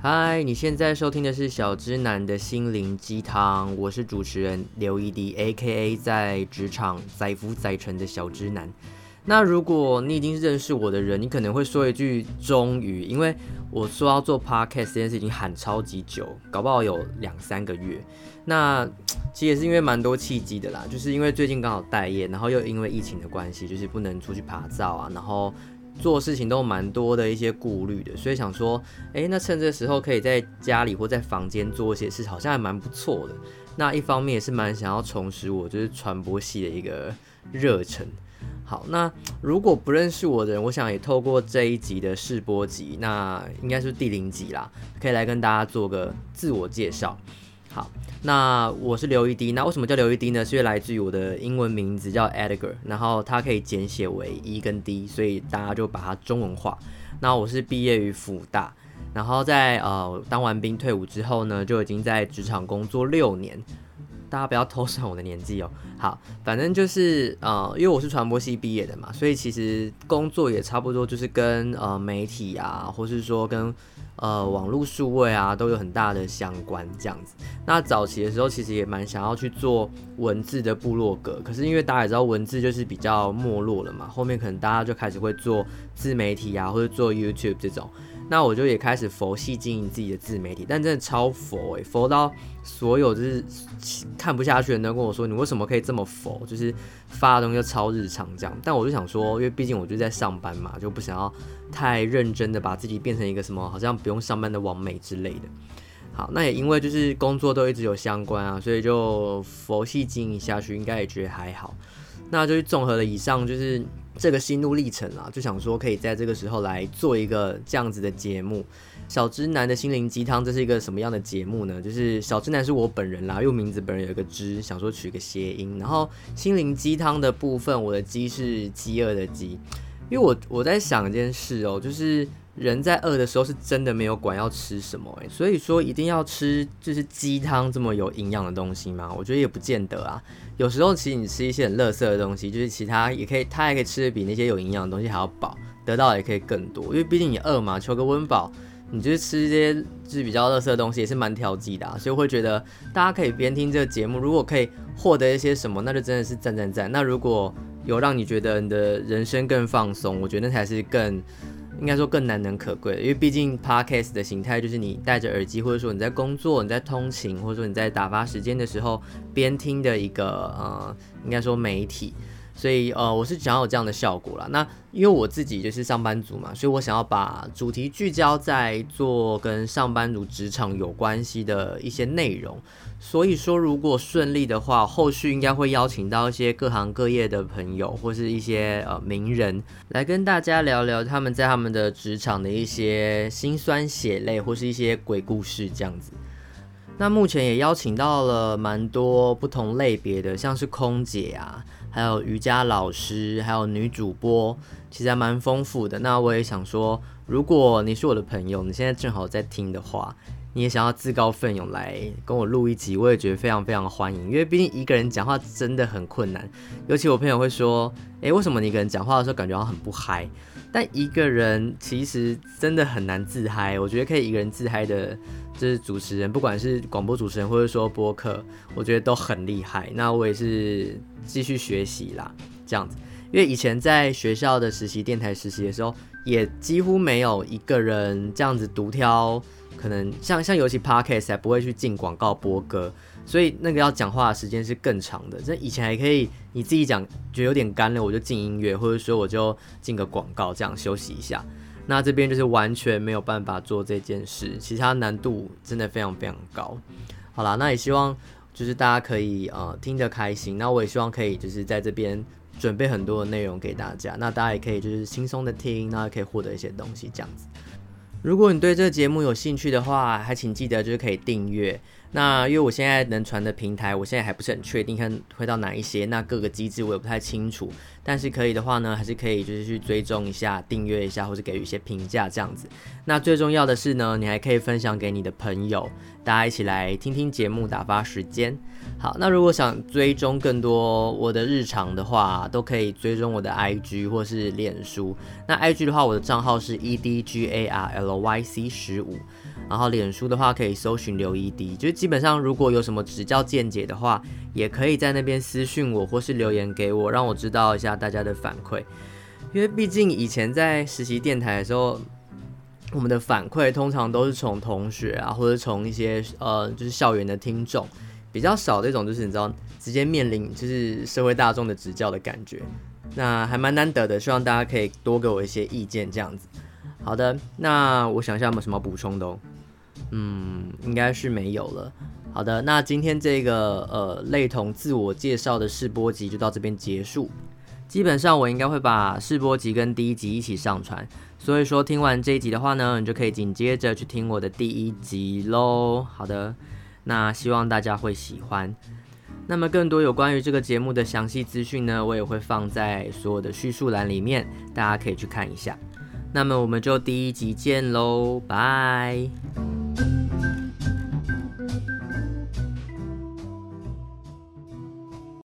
嗨，你現在收聽的是小之男的心靈雞湯，我是主持人劉一滴，A K A 在職場載浮載沉的小之男。那如果你已經認識我的人，你可能會說一句終於，因為我說要做 podcast 這件事已經喊超級久，搞不好有兩三個月。那其實也是因為蠻多契機的啦，就是因為最近剛好待業，然後又因為疫情的關係，就是不能出去拍照啊，然後。做事情都蠻多的一些顧慮的，所以想說，誒、欸，那趁這時候可以在家裡或在房間做一些事，好像還蠻不錯的。那一方面也是蠻想要重拾我就是傳播系的一個熱忱。好，那如果不認識我的人，我想也透過這一集的試播集，那應該是第零集啦，可以來跟大家做個自我介紹。好，那我是劉一滴。那為什麼叫劉一滴呢？是因為來自於我的英文名字叫 Edgar，然後它可以簡寫為 E 跟 D，所以大家就把它中文化。那我是畢業於輔大，然後在呃當完兵退伍之後呢，就已經在職場工作六年。大家不要偷算我的年紀哦。好，反正就是呃，因為我是傳播系畢業的嘛，所以其實工作也差不多就是跟呃媒體啊，或是說跟呃網絡數位啊都有很大的相關這樣子。那早期的時候其實也蠻想要去做文字的部落格，可是因為大家也知道文字就是比較沒落了嘛，後面可能大家就開始會做自媒體啊，或者做 YouTube 這種。那我就也開始佛系經營自己的自媒體，但真的超佛誒、欸。佛到所有就是看不下去的人都跟我說，你為什麼可以這麼佛？就是發的東西就超日常這樣。但我就想說，因為畢竟我就在上班嘛，就不想要太認真的把自己變成一個什麼好像不用上班的網美之類的。好，那也因為就是工作都一直有相關啊，所以就佛系經營下去，應該也覺得還好。那就是綜合了以上，就是這個心路歷程啦、啊，就想說可以在這個時候來做一個這樣子的節目，《小直男的心靈雞湯》。這是一個什麼樣的節目呢？就是小直男是我本人啦，用名字本人有一個直，想說取個諧音。然後心靈雞湯的部分，我的雞是飢餓的雞，因為我我在想一件事哦，就是。人在餓的時候是真的沒有管要吃什麼哎、欸，所以說一定要吃就是雞湯這麼有營養的東西嗎？我覺得也不見得啊。有時候其實你吃一些很垃圾的東西，就是其他也可以，它還可以吃得比那些有營養的東西還要飽，得到也可以更多。因為畢竟你餓嘛，求個溫飽，你就是吃一些就是比較垃圾的東西也是蠻調劑的、啊。所以我會覺得大家可以邊聽這個節目，如果可以獲得一些什麼，那就真的是讚讚讚。那如果有讓你覺得你的人生更放鬆，我覺得那才是更。應該說更難能可貴，因為畢竟 podcast 的形態就是你戴着耳機，或者說你在工作、你在通勤，或者說你在打發時間的時候邊聽的一個呃，應該說媒體。所以，呃，我是想要有這樣的效果啦。那因為我自己就是上班族嘛，所以我想要把主題聚焦在做跟上班族職場有關係的一些內容。所以說，如果順利的話，後續應該會邀請到一些各行各業的朋友，或是一些呃名人，來跟大家聊聊他們在他們的職場的一些辛酸血淚，或是一些鬼故事這樣子。那目前也邀請到了蠻多不同類別的，像是空姐啊，還有瑜伽老師，還有女主播，其實還蠻豐富的。那我也想說，如果你是我的朋友，你現在正好在聽的話。你也想要自告奮勇來跟我錄一集，我也覺得非常非常歡迎，因為畢竟一個人講話真的很困難。尤其我朋友會說：“誒、欸，為什麼你一個人講話的時候感覺好像很不嗨？”但一個人其實真的很難自嗨。我覺得可以一個人自嗨的，就是主持人，不管是廣播主持人或者說播客，我覺得都很厲害。那我也是繼續學習啦，這樣子，因為以前在學校的實習電台實習的時候。也幾乎沒有一個人這樣子獨挑，可能像像尤其 podcast 不會去進廣告播歌，所以那個要講話的時間是更長的。這以前還可以你自己講，覺得有點乾了，我就進音樂，或者說我就進個廣告這樣休息一下。那這邊就是完全沒有辦法做這件事，其他難度真的非常非常高。好啦，那也希望就是大家可以呃聽得開心，那我也希望可以就是在這邊。準備很多的內容給大家，那大家也可以就是輕鬆的聽，那可以獲得一些東西這樣子。如果你對這個節目有興趣的話，還請記得就是可以訂閱。那因為我現在能傳的平台，我現在還不是很確定，看會到哪一些，那各個機製我也不太清楚。但是可以的話呢，還是可以就是去追蹤一下，訂閱一下，或是給予一些評價這樣子。那最重要的是呢，你還可以分享給你的朋友，大家一起來聽聽節目，打發時間。好，那如果想追蹤更多我的日常的話，都可以追蹤我的 IG 或是臉書。那 IG 的話，我的賬號是 edgarlyc15。然後臉書的話可以搜尋劉一滴，就基本上如果有什麼指教見解的話，也可以在那邊私訊我，或是留言給我，讓我知道一下大家的反饋。因為畢竟以前在實習電台的時候，我們的反饋通常都是從同學啊，或者從一些呃就是校園的聽眾，比較少的一種就是你知道直接面臨就是社會大眾的指教的感覺，那還蠻難得的，希望大家可以多給我一些意見，這樣子。好的，那我想一下有沒有什麼補充的哦，嗯，應該是沒有了。好的，那今天這個呃類同自我介紹的試播集就到這邊結束。基本上我應該會把試播集跟第一集一起上傳，所以說聽完這一集的話呢，你就可以緊接着去聽我的第一集嘍。好的，那希望大家會喜歡。那麼更多有關於這個節目的詳細資訊呢，我也會放在所有的敘述欄裡面，大家可以去看一下。那麼我們就第一集見嘍，拜拜。